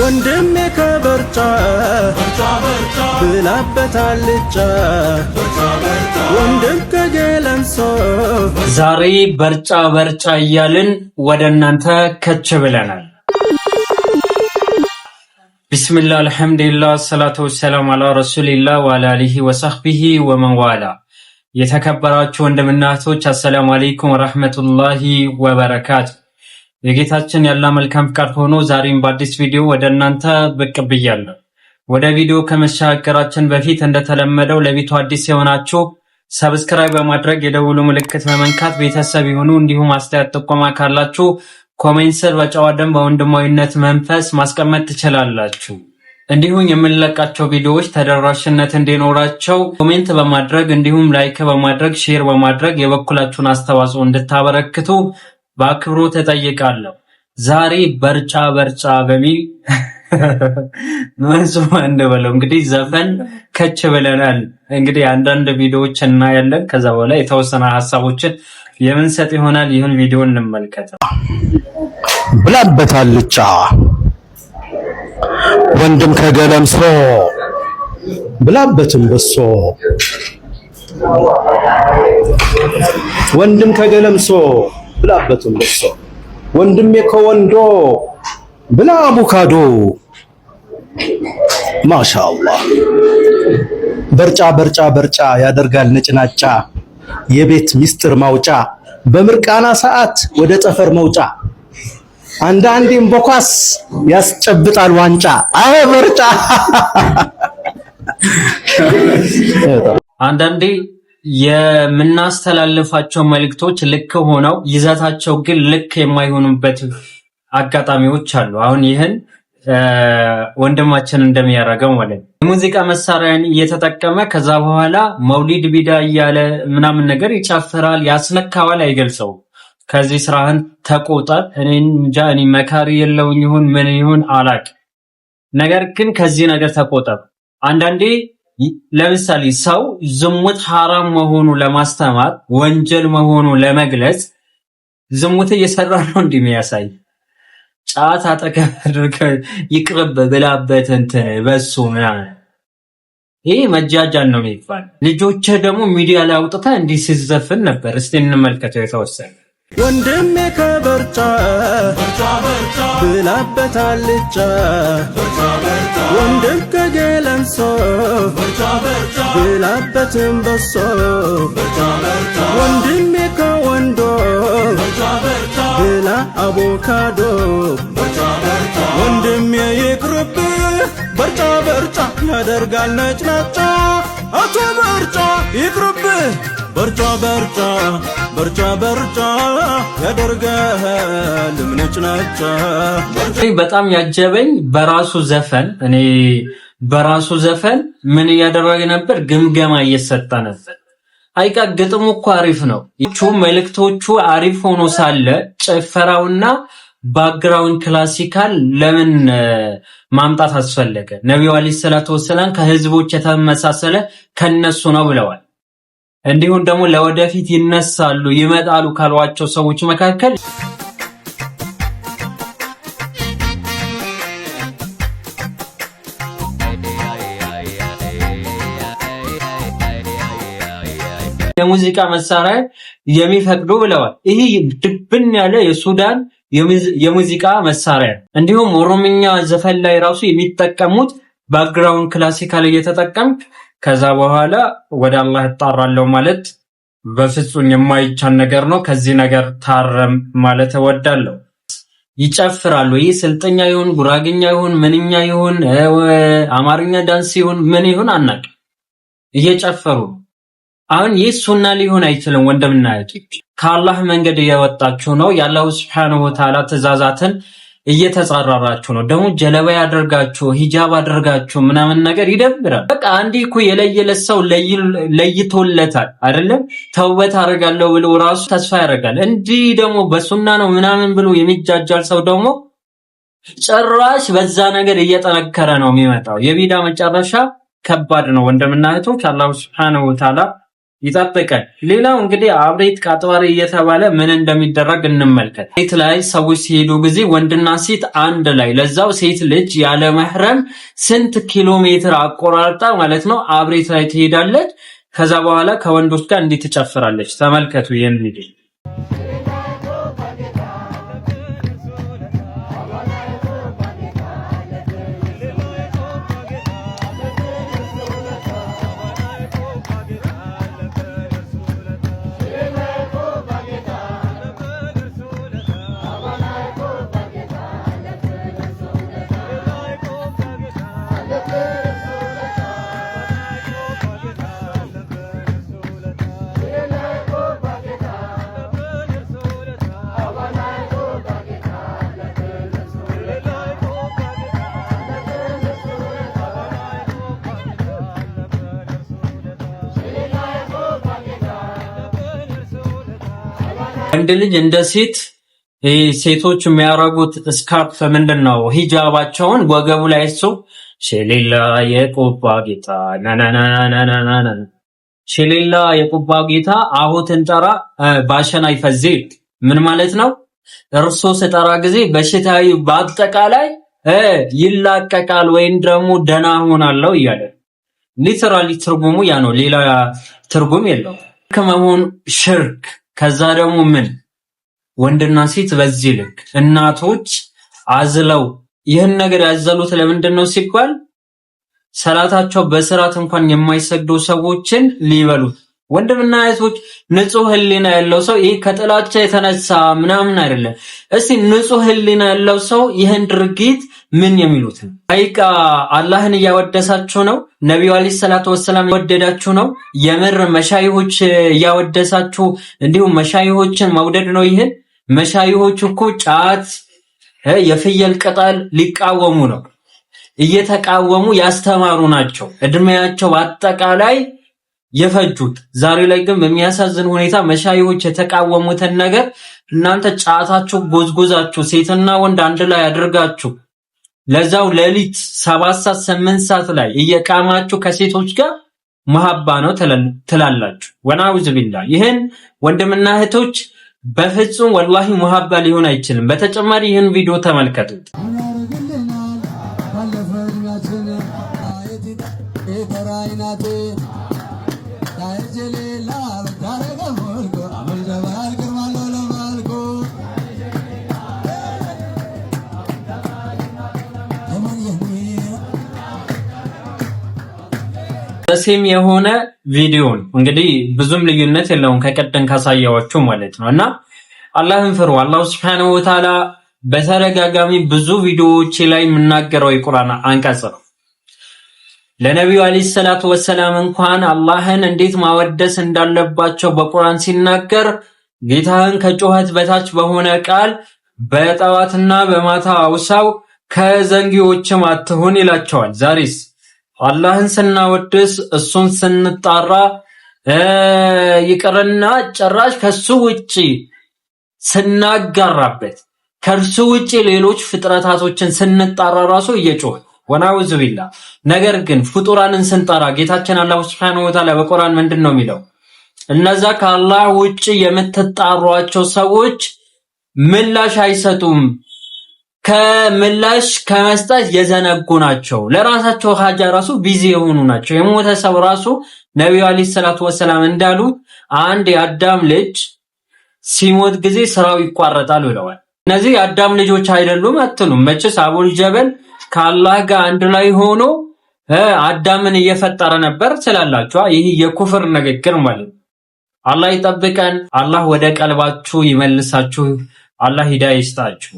ወንድሜ ከበርጫ ብላበት አልጫ ወንድም ከገለምሶ ዛሬ በርጫ በርጫ እያልን ወደ እናንተ ከች ብለናል። ቢስሚላ አልሐምዱሊላ ሰላቱ ወሰላም አላ ረሱሊላ ወአላ አሊሂ ወሰህቢሂ ወመንዋላ። የተከበራችሁ ወንድምናቶች አሰላሙ አሌይኩም ወረህመቱላሂ ወበረካቱ የጌታችን ያለ መልካም ፍቃድ ሆኖ ዛሬም በአዲስ ቪዲዮ ወደ እናንተ ብቅ ብያለሁ። ወደ ቪዲዮ ከመሻገራችን በፊት እንደተለመደው ለቤቱ አዲስ የሆናችሁ ሰብስክራይብ በማድረግ የደውሉ ምልክት በመንካት ቤተሰብ የሆኑ እንዲሁም አስተያየት ጥቆማ ካላችሁ ኮሜንት ስር በጨዋ ደንብ በወንድማዊነት መንፈስ ማስቀመጥ ትችላላችሁ። እንዲሁም የምንለቃቸው ቪዲዮዎች ተደራሽነት እንዲኖራቸው ኮሜንት በማድረግ እንዲሁም ላይክ በማድረግ ሼር በማድረግ የበኩላችሁን አስተዋጽኦ እንድታበረክቱ በአክብሮ ተጠይቃለሁ ዛሬ በርጫ በርጫ በሚል መዝሙ እንበለው እንግዲህ ዘፈን ከች ብለናል። እንግዲህ አንዳንድ ቪዲዮዎች እናያለን። ከዛ በኋላ የተወሰነ ሀሳቦችን የምንሰጥ ይሆናል። ይህን ቪዲዮ እንመልከት። ብላበታልቻ ወንድም ከገለምሶ ብላበትም በሶ ወንድም ከገለምሶ ብላበቱን ለቅሶ ወንድሜ ከወንዶ ብላ አቮካዶ። ማሻአላህ በርጫ በርጫ በርጫ ያደርጋል ነጭናጫ የቤት ሚስጥር ማውጫ በምርቃና ሰዓት ወደ ጠፈር መውጫ አንዳንዴም በኳስ ያስጨብጣል ዋንጫ። አይ በርጫ አንዳንዴ የምናስተላልፋቸው መልእክቶች ልክ ሆነው ይዘታቸው ግን ልክ የማይሆኑበት አጋጣሚዎች አሉ። አሁን ይህን ወንድማችን እንደሚያደርገው ማለት ነው። የሙዚቃ መሳሪያን እየተጠቀመ ከዛ በኋላ መውሊድ ቢዳ እያለ ምናምን ነገር ይጨፍራል፣ ያስነካዋል፣ አይገልጸውም። ከዚህ ስራህን ተቆጠር። እኔን እንጃ እኔ መካሪ የለውኝ ይሁን ምን ይሁን አላቅ፣ ነገር ግን ከዚህ ነገር ተቆጠር። አንዳንዴ ለምሳሌ ሰው ዝሙት ሐራም መሆኑ ለማስተማር ወንጀል መሆኑ ለመግለጽ ዝሙት እየሰራ ነው እንደሚያሳይ ጫት አጠቀህ ይቅርብ ብላበት እንትን በሱ ምናምን ይህ መጃጃን ነው የሚባል። ልጆችህ ደግሞ ሚዲያ ላይ አውጥታ እንዲህ ሲዘፍን ነበር። እስቲ እንመልከተው የተወሰነ ወንድሜ ከበርጫ ብላበት አልጫ ወንድም ከጌለንሶ ብላበትን በሶ ወንድሜ ከወንዶ ብላ አቮካዶ ወንድሜ ይቅርብ በርጫ በርጫ ያደርጋል ነጭናጫ አቶ በርጫ ይቅርብህ በርጫ በርጫ በርጫ በርጫ ያደርገሃል ምንጭናጫ በጣም ያጀበኝ በራሱ ዘፈን እኔ በራሱ ዘፈን ምን እያደረገ ነበር? ግምገማ እየሰጠ ነበር። አይቃ ግጥሙ እኮ አሪፍ ነው። መልእክቶቹ አሪፍ ሆኖ ሳለ ጭፈራውና ባክግራውንድ ክላሲካል ለምን ማምጣት አስፈለገ? ነቢዩ ዓለይሂ ሰላቱ ወሰላም ከህዝቦች የተመሳሰለ ከነሱ ነው ብለዋል። እንዲሁም ደግሞ ለወደፊት ይነሳሉ ይመጣሉ ካሏቸው ሰዎች መካከል የሙዚቃ መሳሪያ የሚፈቅዱ ብለዋል። ይህ ድብን ያለ የሱዳን የሙዚቃ መሳሪያ እንዲሁም ኦሮምኛ ዘፈን ላይ ራሱ የሚጠቀሙት ባክግራውንድ ክላሲካል እየተጠቀምክ ከዛ በኋላ ወደ አላህ እጣራለሁ ማለት በፍጹም የማይቻል ነገር ነው። ከዚህ ነገር ታረም ማለት እወዳለሁ። ይጨፍራሉ። ይህ ስልጠኛ ይሁን ጉራግኛ ይሁን ምንኛ ይሁን አማርኛ ዳንስ ይሁን ምን ይሁን አናቅ እየጨፈሩ አሁን ይህ ሱና ሊሆን አይችልም። ወንድምና ከአላህ መንገድ እየወጣችሁ ነው። የአላሁ ስብሐነሁ ወተዓላ ትእዛዛትን እየተጻራራችሁ ነው። ደግሞ ጀለባ ያደርጋችሁ ሂጃብ አደርጋችሁ ምናምን ነገር ይደብራል። በቃ አንዴ እኮ የለየለት ሰው ለይቶለታል አይደለም። ተውበት አደርጋለሁ ብሎ ራሱ ተስፋ ያደርጋል። እንዲህ ደግሞ በሱና ነው ምናምን ብሎ የሚጃጃል ሰው ደግሞ ጭራሽ በዛ ነገር እየጠነከረ ነው የሚመጣው። የቢዳ መጨረሻ ከባድ ነው ወንድምና እህቶች አላሁ ስብሐነሁ ወተዓላ ይጠብቀን። ሌላው እንግዲህ አብሬት ቃጥባሪ እየተባለ ምን እንደሚደረግ እንመልከት። ሴት ላይ ሰዎች ሲሄዱ ጊዜ ወንድና ሴት አንድ ላይ ለዛው ሴት ልጅ ያለ መህረም ስንት ኪሎ ሜትር አቆራርጣ ማለት ነው አብሬት ላይ ትሄዳለች። ከዛ በኋላ ከወንዶች ጋር እንዲህ ትጨፍራለች። ተመልከቱ የሚል ወንድ ልጅ እንደ ሴት ሴቶች የሚያረጉት ስካርፍ ምንድን ነው? ሂጃባቸውን ወገቡ ላይ እሱ ሼሌላ የቁባ ጌታ ናናናናናና ሼሌላ የቁባ ጌታ አሁትን እንጠራ ባሸና ይፈዜ ምን ማለት ነው? እርሶ ስጠራ ጊዜ በሽታዊ በአጠቃላይ ይላቀቃል ወይም ደግሞ ደና ሆናለው እያለ ሊተራሊ ትርጉሙ ያ ነው። ሌላ ትርጉም የለው ከመሆን ሽርክ ከዛ ደግሞ ምን ወንድና ሴት በዚህ ልክ እናቶች አዝለው ይህን ነገር ያዘሉት ለምንድን ነው ሲባል ሰላታቸው በስርዓት እንኳን የማይሰግዱ ሰዎችን ሊበሉት ወንድምና እህቶች ንጹህ ህሊና ያለው ሰው ይህ ከጥላቻ የተነሳ ምናምን አይደለም። እስቲ ንጹህ ህሊና ያለው ሰው ይህን ድርጊት ምን የሚሉት አይቃ አላህን እያወደሳችሁ ነው። ነቢዩ አለይሂ ሰላቱ ወሰላም እያወደዳችሁ ነው። የምር መሻይሆች እያወደሳችሁ እንዲሁም መሻይሆችን መውደድ ነው። ይህን መሻይሆች እኮ ጫት፣ የፍየል ቅጠል ሊቃወሙ ነው። እየተቃወሙ ያስተማሩ ናቸው። እድሜያቸው አጠቃላይ የፈጁት። ዛሬ ላይ ግን በሚያሳዝን ሁኔታ መሻይዎች የተቃወሙትን ነገር እናንተ ጫታችሁ ጎዝጎዛችሁ ሴትና ወንድ አንድ ላይ አድርጋችሁ ለዛው ሌሊት ሰባት ሰዓት ስምንት ሰዓት ላይ እየቃማችሁ ከሴቶች ጋር መሀባ ነው ትላላችሁ። ወናውዝ ቢላ ይህን ወንድምና እህቶች በፍጹም ወላሂ መሀባ ሊሆን አይችልም። በተጨማሪ ይህን ቪዲዮ ተመልከቱት። ሴም የሆነ ቪዲዮን እንግዲህ ብዙም ልዩነት የለውም ከቀደም ካሳያዎቹ ማለት ነው። እና አላህን ፍሩ። አላህ ሱብሓነሁ ወተዓላ በተደጋጋሚ ብዙ ቪዲዮዎች ላይ የምናገረው የቁርአን አንቀጽ ነው። ለነቢዩ አለይሂ ሰላቱ ወሰላም እንኳን አላህን እንዴት ማወደስ እንዳለባቸው በቁርአን ሲናገር ጌታህን ከጩኸት በታች በሆነ ቃል በጠዋትና በማታ አውሳው ከዘንጊዎችም አትሁን ይላቸዋል። ዛሬስ አላህን ስናወድስ እሱን ስንጣራ ይቅርና ጭራሽ ከሱ ውጪ ስናጋራበት ከእርሱ ውጪ ሌሎች ፍጥረታቶችን ስንጣራ ራሱ እየጮህ ወናውዝ ቢላ። ነገር ግን ፍጡራንን ስንጠራ ጌታችን አላህ ሱብሓነሁ ወተዓላ በቁርአን ምንድን ነው የሚለው? እነዛ ከአላህ ውጪ የምትጣሯቸው ሰዎች ምላሽ አይሰጡም ከምላሽ ከመስጠት የዘነጉ ናቸው። ለራሳቸው ሀጃ ራሱ ቢዚ የሆኑ ናቸው። የሞተ ሰው ራሱ ነቢዩ አለይሂ ሰላቱ ወሰላም እንዳሉ አንድ የአዳም ልጅ ሲሞት ጊዜ ስራው ይቋረጣል ብለዋል። እነዚህ የአዳም ልጆች አይደሉም አትሉም? መችስ አቡል ጀበል ከአላህ ጋር አንድ ላይ ሆኖ አዳምን እየፈጠረ ነበር ስላላችኋ፣ ይህ የኩፍር ንግግር ማለት ነው። አላህ ይጠብቀን። አላህ ወደ ቀልባችሁ ይመልሳችሁ። አላህ ሂዳ ይስጣችሁ።